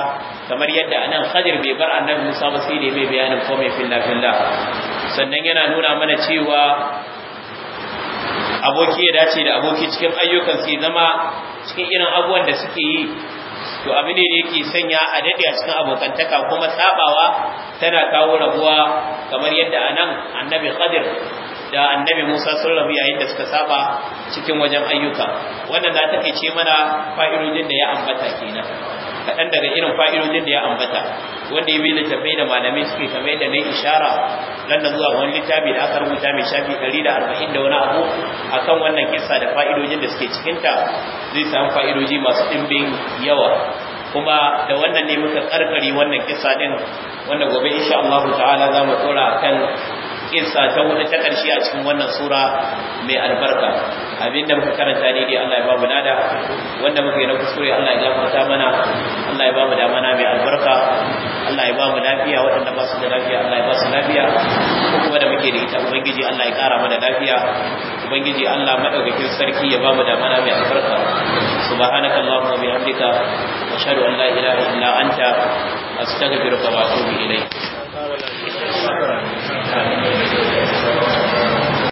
kamar yadda anan Khadir bai bar annabi Musa ba sai da mai bayanin komai filla filla sannan yana nuna mana cewa aboki ya dace da aboki cikin ayyukan sai zama cikin irin abubuwan da suke yi to abin ne da yake sanya a dade a cikin abokantaka kuma sabawa tana kawo rabuwa kamar yadda anan annabi Khadir da annabi Musa sun rabu yayin da suka saba cikin wajen ayyuka wannan na take ce mana fa'idojin da ya ambata kenan kaɗan daga irin fa'idojin da ya ambata wanda ya bi littafai da malamai suke kamar da na ishara nan da zuwa wani littafi da aka rubuta mai shafi 140 da wani abu akan wannan kissa da fa'idojin da suke cikin ta zai samu fa'idoji masu dimbin yawa kuma da wannan ne muka karkare wannan kissa din wanda gobe insha Allah ta'ala za mu tsora kan sa ta wani ta ƙarshe a cikin wannan sura mai albarka abinda muka karanta ne dai Allah ya bamu nada wanda muka yi na kuskure Allah ya gafarta mana Allah ya ba mu da mana mai albarka Allah ya ba mu lafiya waɗanda ba su da lafiya Allah ya ba su lafiya ko kuma da muke da ita ubangiji Allah ya ƙara mana lafiya ubangiji Allah madaukakin sarki ya ba mu da mana mai albarka subhanaka allahumma wa bihamdika ashhadu an la ilaha illa anta astaghfiruka wa atubu ilayk ولا